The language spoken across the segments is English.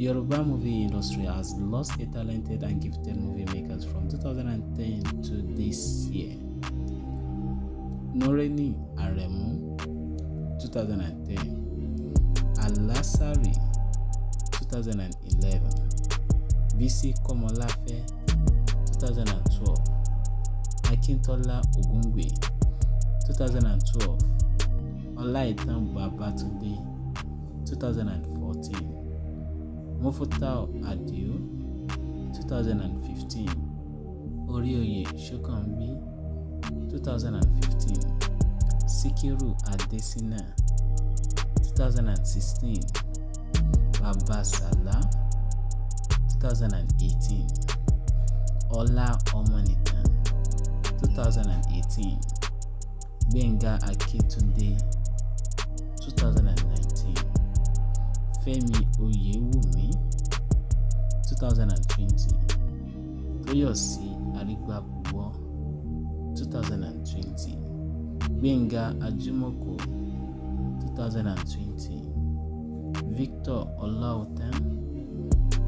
Yoruba movie industry has lost a talented and gifted movie makers from 2010 to this year. Noreni Aremu 2010 Alasari 2011 Bisi Komolafe 2012 Akintola Ogungbe 2012 Olaitan Babatunde 2014 mufutau adio two thousand and fifteen oríoyè ṣókànbí two thousand and fifteen síkírù adésínà two thousand babasala two thousand and eighteen ọlá ọmọnìtàn Fẹ́mi Oyewumi, two thousand and twenty Tóyọ̀sí Arígbábuwọ́ two thousand and twenty Gbénga Ajímọ̀kò two thousand and twenty Victor Ọláòtán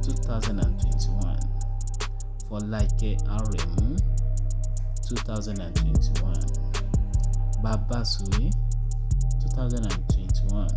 two thousand and twenty-one Fọlákẹ́ Arẹ̀mú two thousand and twenty-one Babasuwe two thousand and twenty-one.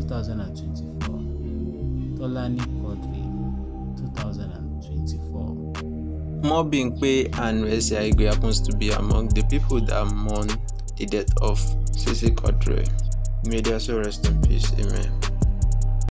2024 Tolani Quadri 2024 More being pay and Wesley Aigbe happens to be among the people that mourn the death of Sisi Quadri. May their soul rest in peace. Amen.